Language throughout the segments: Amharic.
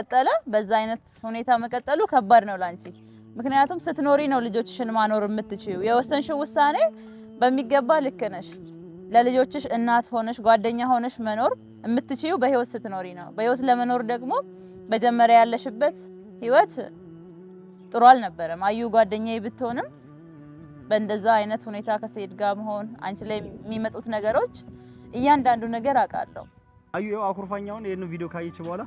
ቀጠለ በዛ አይነት ሁኔታ መቀጠሉ ከባድ ነው ላንቺ። ምክንያቱም ስትኖሪ ነው ልጆችሽን ማኖር የምትችዩ። የወሰንሽው ውሳኔ በሚገባ ልክ ነሽ። ለልጆችሽ እናት ሆነሽ ጓደኛ ሆነሽ መኖር የምትችዩ በህይወት ስትኖሪ ነው። በህይወት ለመኖር ደግሞ መጀመሪያ ያለሽበት ህይወት ጥሩ አልነበረም። አዩ ጓደኛዬ ብትሆንም በእንደዛ አይነት ሁኔታ ከሴድ ጋር መሆን አንቺ ላይ የሚመጡት ነገሮች እያንዳንዱ ነገር አውቃለሁ። አዩ አኩርፋኛውን ይህን ቪዲዮ ካየች በኋላ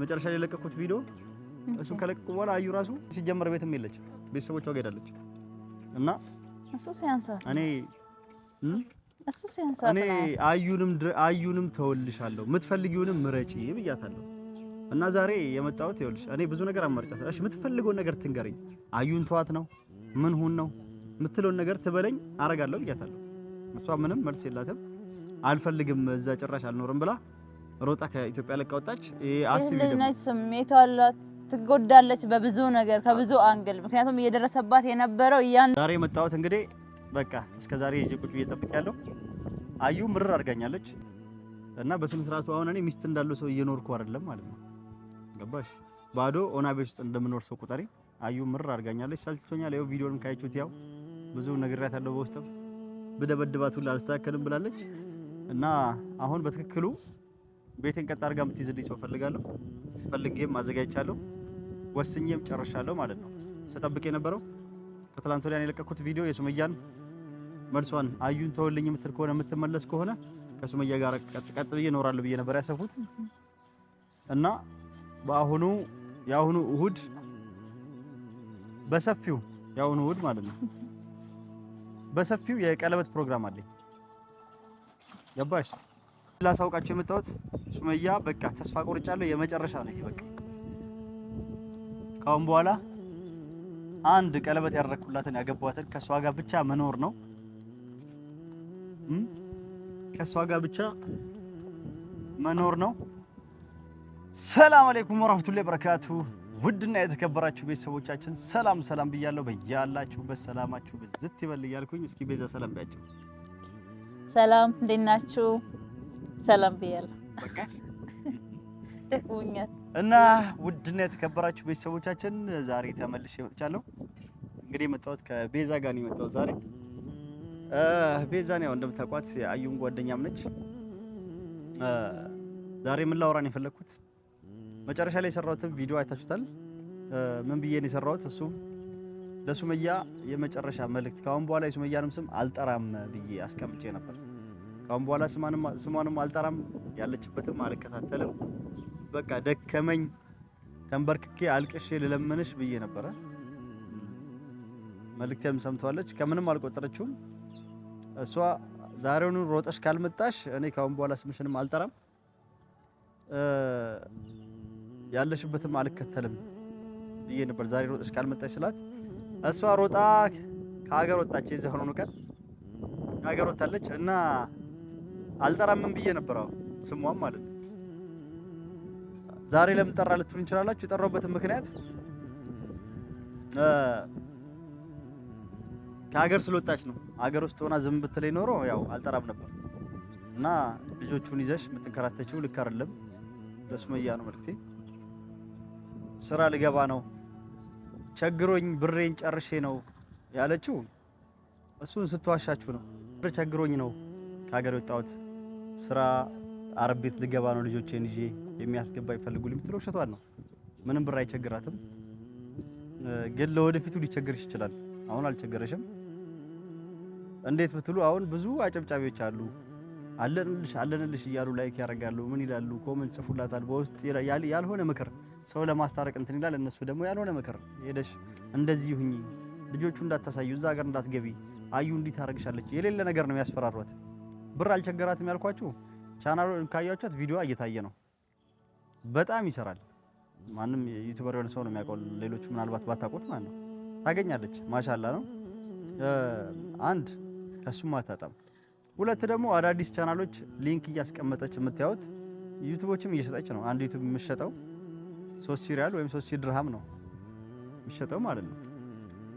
መጨረሻ ላይ የለቀኩት ቪዲዮ እሱ ከለቀቁ በኋላ አዩ ራሱ ሲጀመር ቤትም የለችም፣ ቤተሰቦቿ ጋር ሄዳለች። እና እሱ ሲያንሳት እኔ እሱ ሲያንሳት እኔ አዩንም አዩንም ተወልሻለሁ የምትፈልጊውንም ምረጪ ብያታለሁ። እና ዛሬ የመጣሁት ይኸውልሽ፣ እኔ ብዙ ነገር አማርጫታለሁ። እሺ የምትፈልገውን ነገር ትንገረኝ። አዩን ተዋት ነው ምን ሁን ነው የምትለውን ነገር ትበለኝ፣ አረጋለሁ ብያታለሁ። እሷ ምንም መልስ የላትም። አልፈልግም እዛ ጭራሽ አልኖርም ብላ ሮጣ ከኢትዮጵያ ለቃ ወጣች። ልጅነች ስሜት አላት፣ ትጎዳለች በብዙ ነገር ከብዙ አንግል፣ ምክንያቱም እየደረሰባት የነበረው እያን ዛሬ የመጣሁት እንግዲህ በቃ እስከ ዛሬ ሂጅ ቁጭ ብዬ ያለው አዩ ምርር አድርጋኛለች እና በስነ ስርዓቱ አሁን እኔ ሚስት እንዳለው ሰው እየኖርኩ አይደለም ማለት ነው። ገባሽ? ባዶ ኦና ቤት ውስጥ እንደምኖር ሰው ቁጠሪ። አዩ ምርር አድርጋኛለች፣ ሰልችቶኛል። ያው ቪዲዮን ካያችሁት ያው ብዙ ነግሬያታለሁ። በውስጥም ብደበድባት ሁሉ አልስተካከልም ብላለች እና አሁን በትክክሉ ቤቴን ቀጥ አድርጋ የምትይዝልኝ ሰው ፈልጋለሁ። ፈልጌም አዘጋጅቻለሁ፣ ወስኜም ጨርሻለሁ ማለት ነው። ስጠብቅ የነበረው ከትላንት የለቀኩት ቪዲዮ የሱመያን መልሷን አዩን ተወልኝ የምትል ከሆነ የምትመለስ ከሆነ ከሱመያ ጋር ቀጥ ብዬ እኖራለሁ ብዬ ነበር ያሰብኩት እና በአሁኑ የአሁኑ እሁድ በሰፊው የአሁኑ እሁድ ማለት ነው በሰፊው የቀለበት ፕሮግራም አለኝ ገባሽ አውቃችሁ የመጣሁት ሱመያ በቃ ተስፋ ቆርጫለሁ። የመጨረሻ ነው በቃ ካሁን በኋላ አንድ ቀለበት ያደረግኩላትን ያገባዋትን ከእሷ ጋር ብቻ መኖር ነው። ከእሷ ጋር ብቻ መኖር ነው። ሰላም አለይኩም ወራህመቱላሂ ወበረካቱ። ውድና የተከበራችሁ ቤተሰቦቻችን ሰላም ሰላም ብያለሁ። በያላችሁበት በሰላማችሁ ብዝት ይበል እያልኩኝ እስኪ ቤዛ ሰላም ቢያቸው። ሰላም እንዴት ናችሁ? ሰላም ብያለሁ። ደክሞኛል። እና ውድና የተከበራችሁ ቤተሰቦቻችን ዛሬ ተመልሼ መጥቻለሁ። እንግዲህ የመጣሁት ከቤዛ ጋር ነው የመጣሁት ዛሬ። ቤዛን ያው እንደምታውቋት የአዩን ጓደኛም ነች። ዛሬ ምን ላወራን የፈለግኩት መጨረሻ ላይ የሰራሁትን ቪዲዮ አይታችሁታል። ምን ብዬ ነው የሰራሁት? እሱም ለሱመያ የመጨረሻ መልእክት፣ ከአሁን በኋላ የሱመያንም ስም አልጠራም ብዬ አስቀምጬ ነበር። ካሁን በኋላ ስሟንም አልጠራም፣ ያለችበትም አልከታተልም። በቃ ደከመኝ፣ ተንበርክኬ አልቅሼ ልለምንሽ ብዬ ነበረ። መልእክቴንም ሰምተዋለች፣ ከምንም አልቆጠረችውም። እሷ ዛሬውኑ ሮጠሽ ካልመጣሽ እኔ ካሁን በኋላ ስምሽንም አልጠራም፣ ያለሽበትም አልከተልም ብዬ ነበር። ዛሬ ሮጠሽ ካልመጣሽ ስላት እሷ ሮጣ ከሀገር ወጣች። የዚህ ሆኖ ቀን ከሀገር ወጣለች እና አልጠራምን ብዬ ነበር። አሁን ስሟም ማለት ነው። ዛሬ ለምን ጠራ ልትሉ እንችላላችሁ። የጠራሁበትን ምክንያት ከሀገር ስለወጣች ነው። ሀገር ውስጥ ሆና ዝም ብትለኝ ኖሮ ያው አልጠራም ነበር እና ልጆቹን ይዘሽ የምትንከራተችው ልክ አይደለም። ለሱመያ ነው መልክቴ። ስራ ልገባ ነው ቸግሮኝ ብሬን ጨርሼ ነው ያለችው። እሱን ስትዋሻችሁ ነው። ብር ቸግሮኝ ነው ከሀገር የወጣሁት ስራ አረብ ቤት ልገባ ነው ልጆቼን ይዤ የሚያስገባ ይፈልጉልኝ ብትለው ውሸቷን ነው። ምንም ብር አይቸግራትም፣ ግን ለወደፊቱ ሊቸግርሽ ይችላል። አሁን አልቸገረሽም። እንዴት ብትሉ አሁን ብዙ አጨብጫቢዎች አሉ። አለንልሽ አለንልሽ እያሉ ላይክ ያደርጋሉ። ምን ይላሉ? ኮመንት ጽፉላታል። በውስጥ ያልሆነ ምክር ሰው ለማስታረቅ እንትን ይላል። እነሱ ደግሞ ያልሆነ ምክር ሄደሽ እንደዚህ ሁኚ፣ ልጆቹ እንዳታሳዩ፣ እዛ ሀገር እንዳትገቢ፣ አዩ እንዲህ ታደርግሻለች የሌለ ነገር ነው የሚያስፈራሯት። ብር አልቸገራትም ያልኳችሁ ቻናሉ ካያችሁት ቪዲዮ እየታየ ነው። በጣም ይሰራል። ማንም ዩቲዩበር የሆነ ሰው ነው የሚያውቀው። ሌሎች ምናልባት ባታውቁት ማለት ነው። ታገኛለች። ማሻላ ነው። አንድ ከሱም አታጣም። ሁለት ደግሞ አዳዲስ ቻናሎች ሊንክ እያስቀመጠች የምታዩት ዩቲዩቦችም እየሸጠች ነው። አንድ ዩቲዩብ የምትሸጠው ሶስት ሺህ ሪያል ወይም ሶስት ሺ ድርሃም ነው የሚሸጠው ማለት ነው።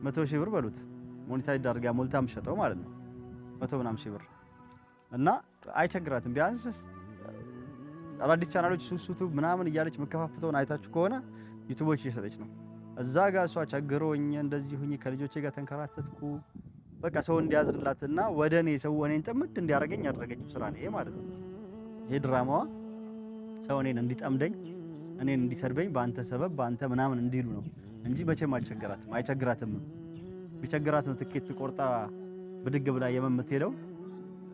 መቶ ሺ ብር በሉት ሞኔታይዝ አድርጋ ሞልታ የምትሸጠው ማለት ነው። መቶ ምናምን ብር እና አይቸግራትም። ቢያንስ አዳዲስ ቻናሎች ሱሱቱ ምናምን እያለች መከፋፍተውን አይታችሁ ከሆነ ዩቱቦች እየሰጠች ነው። እዛ ጋር እሷ ቸግሮኝ እንደዚህ ሁኝ ከልጆቼ ጋር ተንከራተትኩ በቃ ሰው እንዲያዝንላትና ወደ እኔ ሰው እኔን ጥምድ እንዲያደርገኝ ያደረገችው ስራ ነው ይሄ ማለት ነው። ይሄ ድራማዋ ሰው እኔን እንዲጠምደኝ እኔን እንዲሰድበኝ በአንተ ሰበብ በአንተ ምናምን እንዲሉ ነው እንጂ መቼም አልቸግራትም አይቸግራትም። ቢቸግራት ነው ትኬት ቆርጣ ብድግ ብላ የምትሄደው።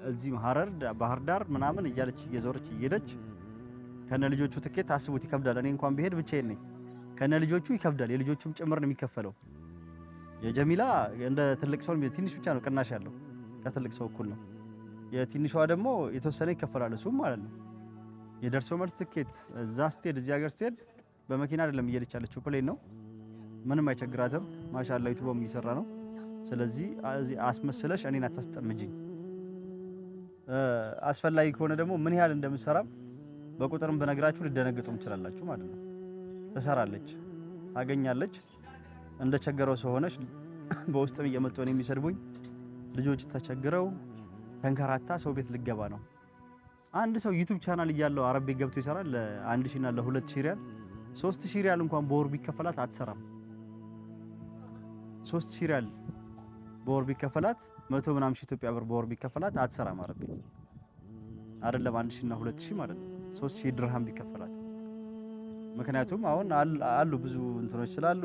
እዚህ ሀረር ባህር ዳር ምናምን እያለች እየዞረች እየሄደች ከነ ልጆቹ ትኬት አስቡት፣ ይከብዳል። እኔ እንኳን ብሄድ ብቻዬን ነኝ። ከነ ልጆቹ ይከብዳል። የልጆቹም ጭምር ነው የሚከፈለው። የጀሚላ እንደ ትልቅ ሰው ትንሽ ብቻ ነው ቅናሽ ያለው፣ ከትልቅ ሰው እኩል ነው። የትንሿ ደግሞ የተወሰነ ይከፈላል፣ እሱም ማለት ነው። የደርሶ መልስ ትኬት እዛ ስትሄድ፣ እዚህ ሀገር ስትሄድ በመኪና አይደለም እየሄደች ያለችው፣ ፕሌን ነው። ምንም አይቸግራትም። ማሻላ ዩቱብ የሚሰራ ነው። ስለዚህ አስመስለሽ እኔን አታስጠምጅኝ። አስፈላጊ ከሆነ ደግሞ ምን ያህል እንደምትሰራም በቁጥርም በነግራችሁ ልደነግጡም ትችላላችሁ ማለት ነው። ትሰራለች፣ ታገኛለች። እንደ ቸገረው ሰው ሆነች። በውስጥም እየመጡ ነው የሚሰድቡኝ ልጆች ተቸግረው ተንከራታ ሰው ቤት ልገባ ነው። አንድ ሰው ዩቲዩብ ቻናል እያለው አረብ ቤት ገብቶ ይሰራል። ለአንድ ሺና እና ለሁለት ሺህ ሪያል ሶስት ሺህ ሪያል እንኳን በወር ቢከፈላት አትሰራም። ሶስት ሪያል በወር ቢከፈላት መቶ ምናምን ሺህ ኢትዮጵያ ብር በወር ቢከፈላት አትሰራ አረብ ቤት አይደለም አንድ ሺህ እና ሁለት ሺህ ማለት ነው ሶስት ሺህ ድርሃም ቢከፈላት። ምክንያቱም አሁን አሉ ብዙ እንትኖች ስላሉ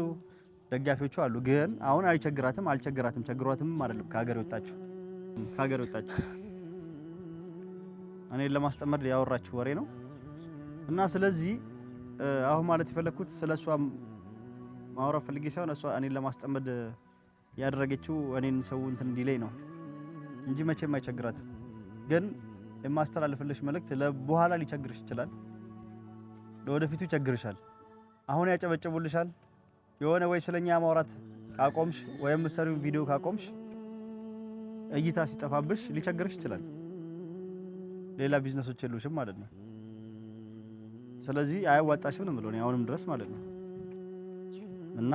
ደጋፊዎቹ አሉ። ግን አሁን አልቸግራትም አልቸግራትም ቸግሯትም አይደለም። ከሀገር ወጣችሁ ከሀገር ወጣችሁ እኔን ለማስጠመድ ያወራችሁ ወሬ ነው እና ስለዚህ አሁን ማለት የፈለግኩት ስለ እሷ ማውራት ፈልጌ ሳይሆን እሷ እኔን ለማስጠመድ ያደረገችው እኔን ሰው እንትን ዲሌይ ነው እንጂ መቼም አይቸግራት። ግን የማስተላልፍልሽ መልእክት ለበኋላ ሊቸግርሽ ይችላል፣ ለወደፊቱ ይቸግርሻል። አሁን ያጨበጭቡልሻል የሆነ ወይ ስለኛ ማውራት ካቆምሽ ወይም ሰሪው ቪዲዮ ካቆምሽ እይታ ሲጠፋብሽ ሊቸግርሽ ይችላል። ሌላ ቢዝነሶች የሉሽም ማለት ነው። ስለዚህ አያዋጣሽም ነው የምለው አሁንም ድረስ ማለት ነው እና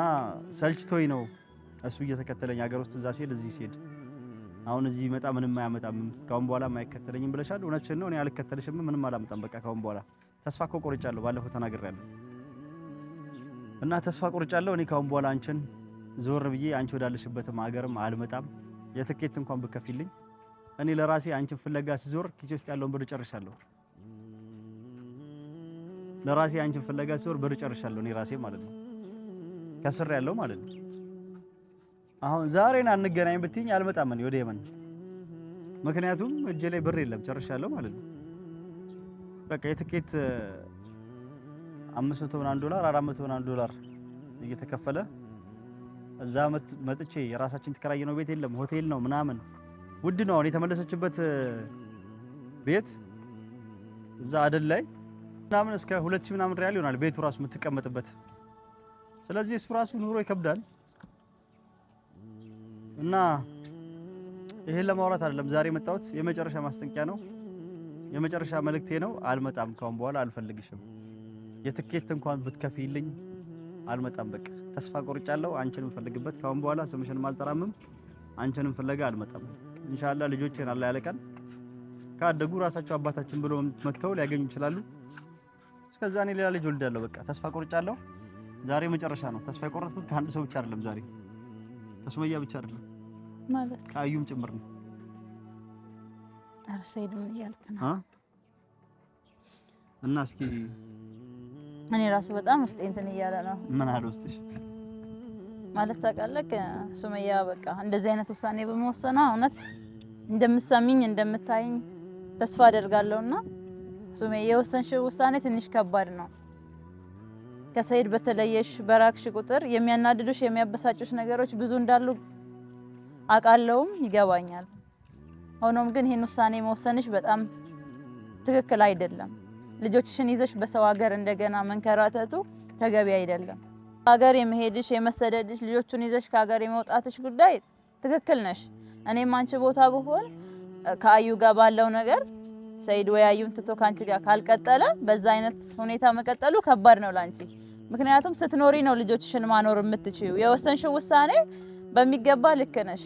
ሰልችቶኝ ነው እሱ እየተከተለኝ ሀገር ውስጥ እዛ ሲሄድ እዚህ ሲሄድ አሁን እዚህ ይመጣ ምንም አያመጣም፣ ካሁን በኋላ አይከተለኝም ብለሻል። እውነትሽን ነው። እኔ አልከተልሽም፣ ምንም አላመጣም። በቃ ካሁን በኋላ ተስፋ እኮ ቆርጫለሁ፣ ባለፈው ተናግሬያለሁ። እና ተስፋ ቆርጫለሁ። እኔ ካሁን በኋላ አንቺን ዞር ብዬ አንቺ ወዳለሽበትም ሀገርም አልመጣም። የትኬት እንኳን ብከፊልኝ እኔ ለራሴ አንቺን ፍለጋ ሲዞር ኪሴ ውስጥ ያለውን ብር ጨርሻለሁ። ለራሴ አንቺን ፍለጋ ሲዞር ብር ጨርሻለሁ። እኔ ራሴ ማለት ነው ከስር ያለው ማለት ነው አሁን ዛሬን አንገናኝ ብትይኝ አልመጣም እኔ ወደ የመን። ምክንያቱም እጄ ላይ ብር የለም ጨርሻለሁ ማለት ነው። በቃ የትኬት አምስት መቶ ምናምን ዶላር አራት መቶ ምናምን ዶላር እየተከፈለ እዛ መጥቼ የራሳችን ተከራየ ነው ቤት የለም ሆቴል ነው ምናምን ውድ ነው። አሁን የተመለሰችበት ቤት እዛ አደል ላይ ምናምን እስከ ሁለት ሺህ ምናምን ሪያል ይሆናል ቤቱ ራሱ የምትቀመጥበት። ስለዚህ እሱ ራሱ ኑሮ ይከብዳል። እና ይሄን ለማውራት አይደለም ዛሬ የመጣሁት። የመጨረሻ ማስጠንቀቂያ ነው፣ የመጨረሻ መልእክቴ ነው። አልመጣም፣ ካሁን በኋላ አልፈልግሽም። የትኬት እንኳን ብትከፊልኝ አልመጣም። በቃ ተስፋ ቆርጫለሁ። አንቺን የምፈልግበት ካሁን በኋላ ስምሽን አልጠራምም። አንቺንም ፍለጋ አልመጣም። እንሻላ ልጆቼን አላ ያለቀን ካደጉ ራሳቸው አባታችን ብሎ መጥተው ሊያገኙ ይችላሉ። እስከዛ እኔ ሌላ ልጅ ወልዳለሁ። በቃ ተስፋ ቆርጫለሁ። ዛሬ መጨረሻ ነው። ተስፋ የቆረጥኩት ከአንድ ሰው ብቻ አይደለም፣ ዛሬ ከሱመያ ብቻ አይደለም። ማለት አዩም ጭምር ነው። ኧረ ሰይድ ምን እያልክ ነው? እና እስኪ እኔ ራሱ በጣም ውስጤ እንትን እያለ ነው። ምን አለ ውስጥሽ? ማለት ታውቃለህ፣ ሱመያ በቃ እንደዚህ አይነት ውሳኔ በመወሰኗ እውነት እንደምትሰሚኝ እንደምታይኝ ተስፋ አደርጋለሁና ሱመያ የወሰንሽው ውሳኔ ትንሽ ከባድ ነው። ከሰይድ በተለየሽ በራክሽ ቁጥር የሚያናድዱሽ የሚያበሳጩሽ ነገሮች ብዙ እንዳሉ አውቃለሁም ይገባኛል። ሆኖም ግን ይህን ውሳኔ መወሰንሽ በጣም ትክክል አይደለም። ልጆችሽን ይዘሽ በሰው ሀገር እንደገና መንከራተቱ ተገቢ አይደለም። ሀገር የመሄድሽ የመሰደድሽ፣ ልጆቹን ይዘሽ ከሀገር የመውጣትሽ ጉዳይ ትክክል ነሽ። እኔም አንቺ ቦታ ብሆን ከአዩ ጋር ባለው ነገር ሰይድ ወይ አዩን ትቶ ከአንቺ ጋር ካልቀጠለ በዛ አይነት ሁኔታ መቀጠሉ ከባድ ነው ላንቺ። ምክንያቱም ስትኖሪ ነው ልጆችሽን ማኖር የምትችዩ። የወሰንሽው ውሳኔ በሚገባ ልክ ነሽ።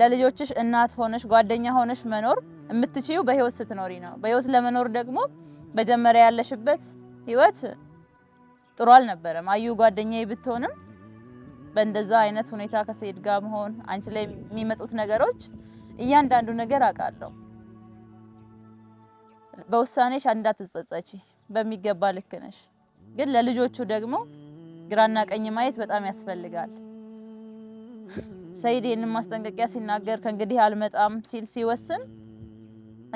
ለልጆችሽ እናት ሆነሽ ጓደኛ ሆነሽ መኖር የምትችዩ በህይወት ስትኖሪ ነው። በህይወት ለመኖር ደግሞ መጀመሪያ ያለሽበት ህይወት ጥሩ አልነበረም። አዩ ጓደኛዬ ብትሆንም በእንደዛ አይነት ሁኔታ ከሴድ ጋር መሆን አንቺ ላይ የሚመጡት ነገሮች እያንዳንዱ ነገር አውቃለሁ። በውሳኔሽ እንዳትጸጸቺ፣ በሚገባ ልክ ነሽ። ግን ለልጆቹ ደግሞ ግራና ቀኝ ማየት በጣም ያስፈልጋል። ሰይድ ይህንን ማስጠንቀቂያ ሲናገር ከእንግዲህ አልመጣም ሲል ሲወስን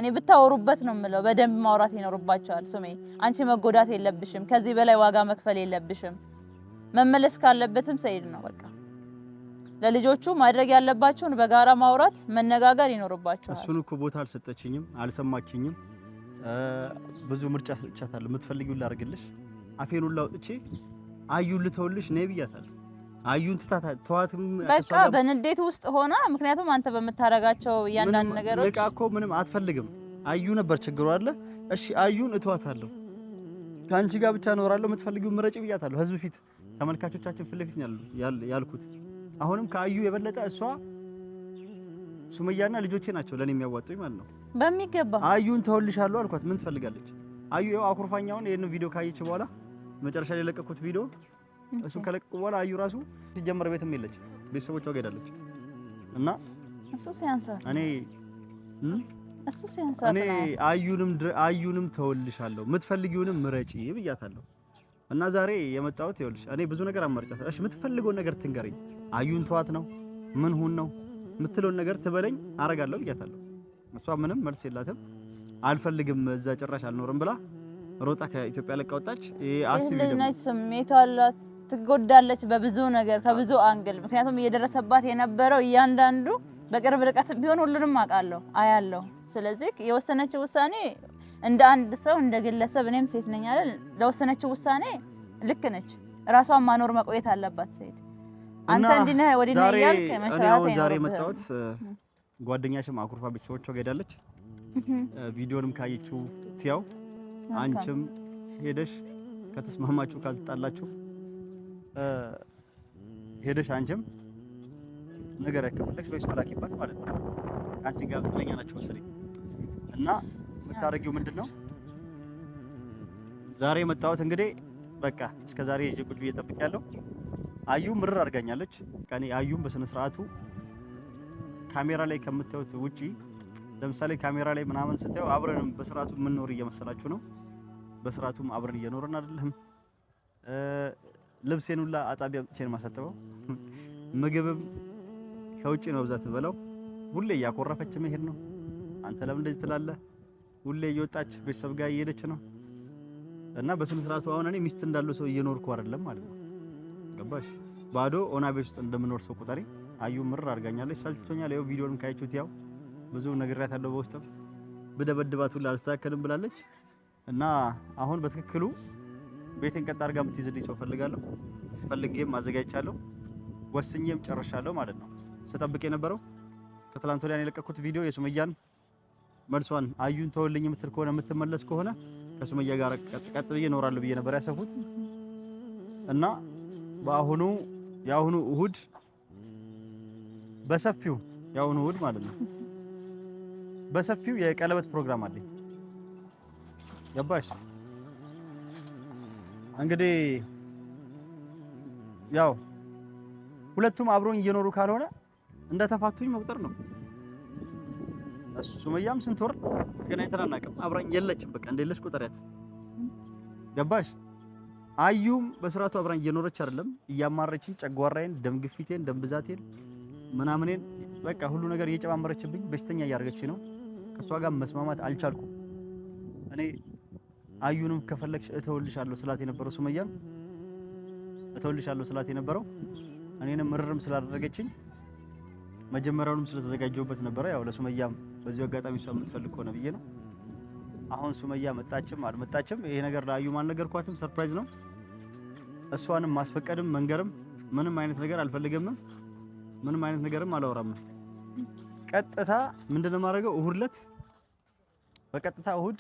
እኔ ብታወሩበት ነው የምለው። በደንብ ማውራት ይኖርባቸዋል። ሱሜ አንቺ መጎዳት የለብሽም። ከዚህ በላይ ዋጋ መክፈል የለብሽም። መመለስ ካለበትም ሰይድ ነው። በቃ ለልጆቹ ማድረግ ያለባቸውን በጋራ ማውራት፣ መነጋገር ይኖርባቸዋል። እሱን እኮ ቦታ አልሰጠችኝም፣ አልሰማችኝም። ብዙ ምርጫ ሰጥቻታለሁ። የምትፈልጊውን ላድርግልሽ፣ አፌን ሁላ አውጥቼ አዩ ልተውልሽ ነይ ብያታለሁ አዩን ትታት ተዋትም በቃ በንዴት ውስጥ ሆና ምክንያቱም አንተ በምታረጋቸው እያንዳንድ ነገሮች ልቃ እኮ ምንም አትፈልግም። አዩ ነበር ችግሩ አለ። እሺ አዩን እተዋታለሁ፣ ከአንቺ ጋር ብቻ እኖራለሁ፣ የምትፈልጊው ምረጭ ብያታለሁ። ህዝብ ፊት ተመልካቾቻችን ፊት ለፊት ያልኩት አሁንም ከአዩ የበለጠ እሷ ሱመያና ልጆቼ ናቸው ለኔ የሚያዋጡኝ ማለት ነው። በሚገባ አዩን ተወልሻለሁ አልኳት። ምን ትፈልጋለች አዩ? ያው አኩርፋኛውን ይሄን ቪዲዮ ካየች በኋላ መጨረሻ ላይ የለቀኩት ቪዲዮ እሱን ከለቀቁ በኋላ አዩ ራሱ ሲጀመር ቤትም የለች ቤተሰቦቿ ጋር ሄዳለች። እና እሱ ሲያንሳ እኔ እሱ ሲያንሳ እኔ አዩንም አዩንም ተወልሻለሁ የምትፈልጊውንም ምረጪ ብያታለሁ። እና ዛሬ የመጣሁት ይኸውልሽ እኔ ብዙ ነገር አማርጫታለሁ። እሺ የምትፈልገውን ነገር ትንገረኝ። አዩን ተዋት ነው ምን ሁን ነው የምትለውን ነገር ትበለኝ አረጋለሁ ብያታለሁ። እሷ ምንም መልስ የላትም። አልፈልግም እዛ ጭራሽ አልኖርም ብላ ሮጣ ከኢትዮጵያ ለቃ ወጣች። ይሄ አስቢ ነው ስሜት አላት ትጎዳለች በብዙ ነገር ከብዙ አንግል። ምክንያቱም እየደረሰባት የነበረው እያንዳንዱ በቅርብ ርቀት ቢሆን ሁሉንም አውቃለሁ አያለሁ። ስለዚህ የወሰነችው ውሳኔ እንደ አንድ ሰው እንደ ግለሰብ እኔም ሴት ነኝ አይደል፣ ለወሰነችው ውሳኔ ልክ ነች። ራሷን ማኖር መቆየት አለባት ሴት። አንተ እንዲነ ወዲነ ወዲህ ነህ እያልክ መሸራት ዛሬ የመጣሁት ጓደኛሽም አኩርፋ ቤተሰቦቿ ጋር ሄዳለች። ቪዲዮንም ካየችው ትያው አንቺም ሄደሽ ከተስማማችሁ ካልጣላችሁ ሄደሽ አንቺም ነገር ያከፍለሽ ወይስ መላኪባት ማለት ነው። አንቺ ጋር ጥለኛ ናቸው መሰለኝ እና የምታደርጊው ምንድን ነው? ዛሬ የመጣሁት እንግዲህ በቃ እስከ ዛሬ እጅ ቁጭ ብዬ ጠብቄያለሁ። አዩም ምርር አድርጋኛለች። ቀኔ አዩም በስነ ስርዓቱ ካሜራ ላይ ከምታዩት ውጪ ለምሳሌ ካሜራ ላይ ምናምን ስታዩ አብረን በስርዓቱ የምንኖር እየመሰላችሁ ነው። በስርዓቱም አብረን እየኖርን አይደለም። ልብሴን ሁላ አጣቢያ ብቻዬን ማሳጥበው። ምግብም ከውጭ ነው በብዛት በለው። ሁሌ እያኮረፈች መሄድ ነው። አንተ ለምን እንደዚህ ትላለህ? ሁሌ እየወጣች ቤተሰብ ጋር እየሄደች ነው እና በስነ ስርዓቱ አሁን እኔ ሚስት እንዳለው ሰው እየኖርኩ አይደለም ማለት ነው። ገባሽ? ባዶ ኦና ቤት ውስጥ እንደምኖር ሰው ቁጠሪ። አዩ ምር አድርጋኛለች፣ ሰልችቶኛል። ያው ቪዲዮንም ካያችሁት ያው ብዙ ነግሬያታለሁ። በውስጥም ብደበድባት ሁላ አልስተካከልም ብላለች እና አሁን በትክክሉ ቤቴን ቀጥ አድርጋ የምትይዝልኝ ሰው ፈልጋለሁ። ፈልጌም አዘጋጅቻለሁ፣ ወስኜም ጨርሻለሁ ማለት ነው። ስጠብቅ የነበረው ከትላንት ወዲያን የለቀኩት ቪዲዮ የሱመያን መልሷን አዩን ተወልኝ የምትል ከሆነ የምትመለስ ከሆነ ከሱመያ ጋር ቀጥ ብዬ እኖራለሁ ብዬ ነበር ያሰብኩት እና በአሁኑ የአሁኑ እሁድ በሰፊው የአሁኑ እሁድ ማለት ነው በሰፊው የቀለበት ፕሮግራም አለኝ ገባሽ? እንግዲህ ያው ሁለቱም አብሮኝ እየኖሩ ካልሆነ እንደተፋቱኝ መቁጠር ነው። ሱመያም ስንት ወር ግን አይተናናቅም። አብራኝ የለችም። በቃ እንደሌለች ቁጠሪያት። ገባሽ? አዩም በስርዓቱ አብራኝ እየኖረች አይደለም። እያማረችኝ፣ ጨጓራዬን፣ ደም ግፊቴን፣ ደም ብዛቴን ምናምኔን በቃ ሁሉ ነገር እየጨማመረችብኝ በሽተኛ እያደረገች ነው። ከእሷ ጋር መስማማት አልቻልኩም እኔ አዩንም ከፈለግሽ እተውልሻለሁ ስላት የነበረው ሱመያን እተውልሻለሁ ስላት የነበረው እኔንም ምርርም ስላደረገችኝ መጀመሪያውንም ስለተዘጋጀውበት ነበረ። ያው ለሱመያም በዚሁ አጋጣሚ እሷ የምትፈልግ ከሆነ ብዬ ነው። አሁን ሱመያ መጣችም አልመጣችም ይሄ ነገር ለአዩም አልነገርኳትም። ሰርፕራይዝ ነው። እሷንም ማስፈቀድም መንገርም ምንም አይነት ነገር አልፈልገም? ምንም አይነት ነገርም አላወራም። ቀጥታ ምንድነው የማደርገው እሁድ ለት በቀጥታ እሁድ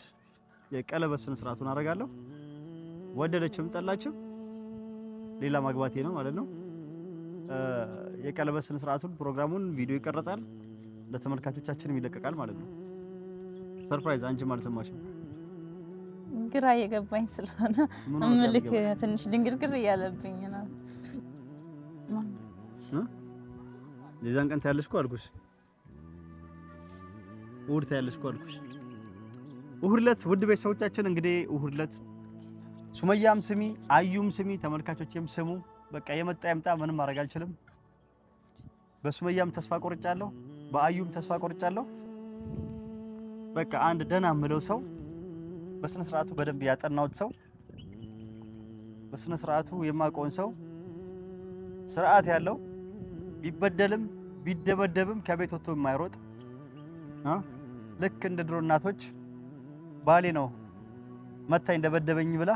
የቀለበት ስነ ስርዓቱን አደርጋለሁ። ወደደችም ጠላችም ሌላ ማግባቴ ነው ማለት ነው። የቀለበት ስነ ስርዓቱን ፕሮግራሙን ቪዲዮ ይቀረጻል፣ ለተመልካቾቻችንም ይለቀቃል ማለት ነው። ሰርፕራይዝ አንቺም አልሰማሽም። ግራ የገባኝ ስለሆነ ምልክ ትንሽ ድንግርግር እያለብኝ ነው። የዛን ቀን ታያለሽ እኮ አልኩሽ፣ እሑድ ታያለሽ እኮ አልኩሽ። እሁድ ዕለት ውድ ቤተሰቦቻችን እንግዲህ እሁድ ዕለት ሱመያም ስሚ፣ አዩም ስሚ፣ ተመልካቾችም ስሙ። በቃ የመጣ የምጣ ምንም ማድረግ አልችልም። በሱመያም ተስፋ ቆርጫለሁ፣ በአዩም ተስፋ ቆርጫለሁ። በቃ አንድ ደህና ምለው ሰው በስነ ስርዓቱ በደንብ ያጠናውት ሰው በስነ ስርዓቱ የማቆን ሰው ስርዓት ያለው ቢበደልም ቢደበደብም ከቤት ወጥቶ የማይሮጥ ልክ እንደ ድሮ እናቶች ባሌ ነው መታኝ እንደበደበኝ ብላ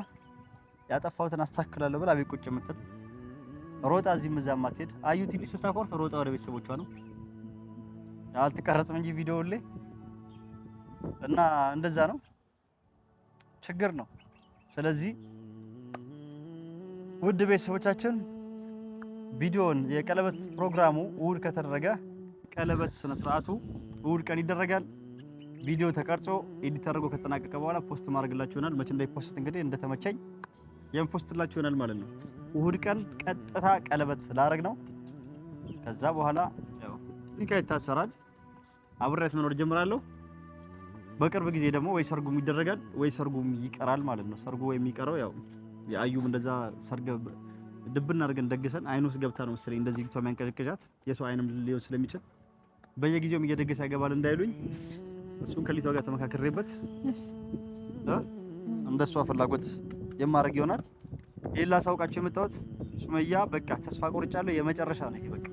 ያጠፋሁትን አስተካክላለሁ ብላ ቤት ቁጭ የምትል ሮጣ እዚህም ምዛ ማትሄድ አዩ ቲቪ ስታኮርፍ ሮጣ ወደ ቤተሰቦቿ ነው። አልትቀረጽም እንጂ ቪዲዮ ላይ እና እንደዛ ነው፣ ችግር ነው። ስለዚህ ውድ ቤተሰቦቻችን ቪዲዮን የቀለበት ፕሮግራሙ እሑድ ከተደረገ ቀለበት ስነ ስርዓቱ እሑድ ቀን ይደረጋል። ቪዲዮ ተቀርጾ ኤዲት አድርጎ ከተጠናቀቀ በኋላ ፖስት ማድረግላችሁ ይሆናል። መቼ እንዳይፖስት እንግዲህ እንደተመቸኝ የምፖስትላችሁ ይሆናል ማለት ነው። እሁድ ቀን ቀጥታ ቀለበት ላረግ ነው። ከዛ በኋላ ኒካ ይታሰራል። አብሬያት መኖር ጀምራለሁ። በቅርብ ጊዜ ደግሞ ወይ ሰርጉም ይደረጋል ወይ ሰርጉም ይቀራል ማለት ነው። ሰርጉ ወይ የሚቀረው ያው የአዩም እንደዛ ሰርግ ድብን አድርገን ደግሰን አይኑ ውስጥ ገብታ ነው መሰለኝ እንደዚህ ቢቷ የሚያንቀዠቅዣት የሰው አይንም ሊሆን ስለሚችል በየጊዜውም እየደገሰ ያገባል እንዳይሉኝ እሱን ከሊቷ ጋር ተመካከሬበት እንደሷ ፍላጎት የማድረግ ይሆናል። ይሄን ላሳውቃችሁ የመጣሁት ሱመያ፣ በቃ ተስፋ ቆርጫለሁ። የመጨረሻ ነው በቃ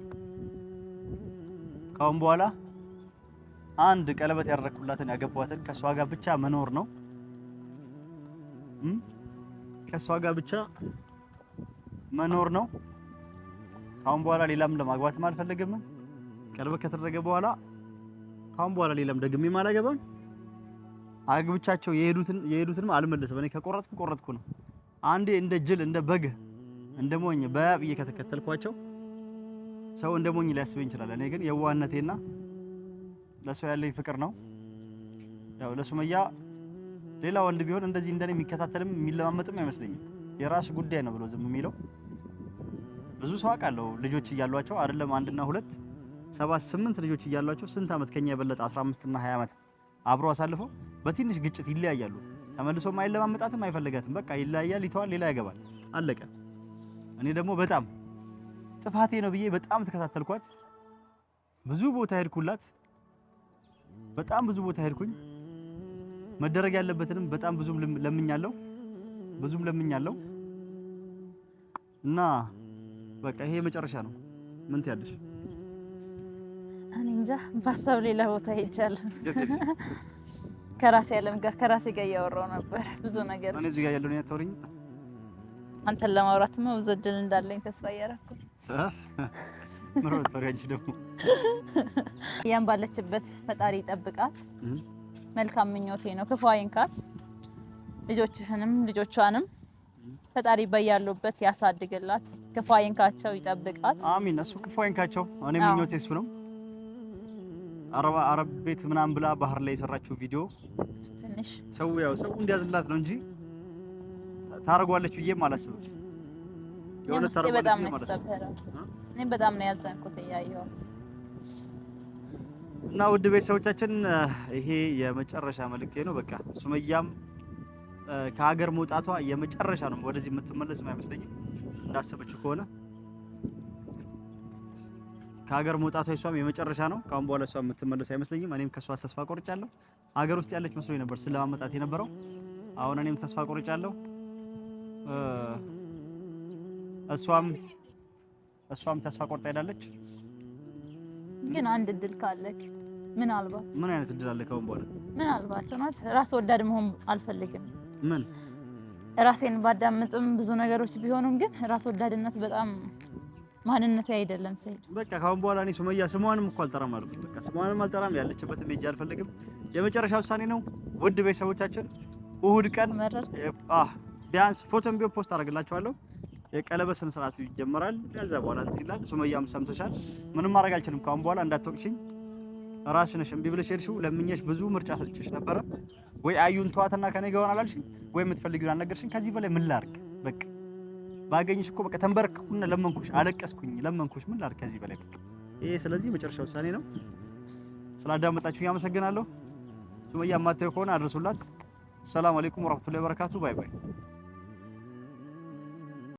ካሁን በኋላ አንድ ቀለበት ያደረኩላትን ያገቧትን ከሷ ጋር ብቻ መኖር ነው። ከሷ ጋር ብቻ መኖር ነው። ካሁን በኋላ ሌላም ለማግባትም አልፈልግም። ቀለበት ከተደረገ በኋላ ካሁን በኋላ ሌላም ደግሜ ማላገባም አግብቻቸው የሄዱትን የሄዱትንም አልመለስም። እኔ ከቆረጥኩ ቆረጥኩ ነው። አንዴ እንደ ጅል እንደ በግ እንደ ሞኝ በብዬ ከተከተልኳቸው ሰው እንደ ሞኝ ሊያስበኝ ይችላል። እኔ ግን የዋህነቴና ለእሷ ያለኝ ፍቅር ነው። ያው ለሱመያ ሌላ ወንድ ቢሆን እንደዚህ እንደኔ የሚከታተልም የሚለማመጥም አይመስለኝም። የራስ ጉዳይ ነው ብሎ ዝም የሚለው ብዙ ሰው አውቃለሁ። ልጆች እያሏቸው አይደለም አንድና ሁለት ሰባት ስምንት ልጆች እያሏቸው ስንት ዓመት ከኛ የበለጠ 15 እና 20 ዓመት አብሮ አሳልፎ በትንሽ ግጭት ይለያያሉ። ተመልሶ አይለማመጣትም፣ አይፈልጋትም። በቃ ይለያያል፣ ይተዋል፣ ሌላ ያገባል። አለቀ። እኔ ደግሞ በጣም ጥፋቴ ነው ብዬ በጣም ተከታተልኳት። ብዙ ቦታ ሄድኩላት። በጣም ብዙ ቦታ ሄድኩኝ። መደረግ ያለበትንም በጣም ብዙም ለምኛለሁ፣ ብዙም ለምኛለሁ እና በቃ ይሄ መጨረሻ ነው። ምን ትያለሽ? እንጃ በሀሳብ ሌላ ቦታ ሄጃለሁ። ከራሴ አለም ጋር ከራሴ ጋር እያወራው ነበር ብዙ ነገር። እዚህ ጋር ያለውን ያታወሪኝ አንተን ለማውራትማ ብዙ እድል እንዳለኝ ተስፋ እያደረኩ አንቺ ደግሞ ያን ባለችበት ፈጣሪ ይጠብቃት። መልካም ምኞቴ ነው። ክፉ አይንካት። ልጆችህንም ልጆቿንም ፈጣሪ በያሉበት ያሳድግላት። ክፉ አይንካቸው፣ ይጠብቃት። አሚን። እሱ ክፉ አይንካቸው። እኔ ምኞቴ እሱ ነው። አረባ አረብ ቤት ምናምን ብላ ባህር ላይ የሰራችው ቪዲዮ ትንሽ ሰው ያው ሰው እንዲያዝላት ነው እንጂ ታደርጓለች ብዬም አላስብም። በጣም ነው የተሰበረው። እኔ በጣም ነው ያዘንኩት እያየሁት እና ውድ ቤተሰቦቻችን ይሄ የመጨረሻ መልእክቴ ነው። በቃ ሱመያም ከሀገር መውጣቷ የመጨረሻ ነው። ወደዚህ የምትመለስ አይመስለኝም እንዳሰበችው ከሆነ ከሀገር መውጣቷ እሷም የመጨረሻ ነው። ከአሁን በኋላ እሷ የምትመለስ አይመስለኝም። እኔም ከእሷ ተስፋ ቆርጫለሁ። ሀገር ውስጥ ያለች መስሎኝ ነበር ስለማመጣት የነበረው። አሁን እኔም ተስፋ ቆርጫለሁ። እሷም እሷም ተስፋ ቆርጣ ሄዳለች። ግን አንድ እድል ካለክ ምናልባት ምን አይነት እድል አለ? ካሁን በኋላ ምናልባት እውነት ራስ ወዳድ መሆን አልፈልግም። ምን ራሴን ባዳምጥም ብዙ ነገሮች ቢሆኑም ግን ራስ ወዳድነት በጣም ማንነቴ አይደለም ሰይድ። በቃ ካሁን በኋላ እኔ ሱመያ ስሟንም እኮ አልጠራም አሉ። በቃ ስሟንም አልጠራም፣ ያለችበት ሜጃ አልፈልግም። የመጨረሻ ውሳኔ ነው። ውድ ቤተሰቦቻችን እሁድ ቀን አህ ቢያንስ ፎቶም ቢሆን ፖስት አደርግላችኋለሁ። የቀለበት ስነ ስርዓቱ ይጀምራል። ከዛ በኋላ እንትን ይላል። ሱመያም ሰምተሻል። ምንም ማድረግ አልችልም። ካሁን በኋላ እንዳትወቅሽኝ። ራስሽ ነሽ እምቢ ብለሽ ሄድሽው። ለምኜሽ ብዙ ምርጫ ሰጥቼሽ ነበረ። ወይ አዩን ተዋትና ከኔ ጋር ሆናል አልሽኝ፣ ወይ የምትፈልጊውን አልነገርሽኝ። ከዚህ በላይ ምን ላድርግ በቃ ባገኝሽ እኮ በቃ ተንበረክኩና ለመንኩሽ፣ አለቀስኩኝ፣ ለመንኩሽ። ምን ላድርግ ከዚህ በላይ በቃ ይሄ ስለዚህ መጨረሻ ውሳኔ ነው። ስላዳመጣችሁኝ ያመሰግናለሁ። ሱመያ ማተው ከሆነ አድርሱላት። ሰላም አለይኩም ወራህመቱላሂ ወበረካቱ። ባይ ባይ።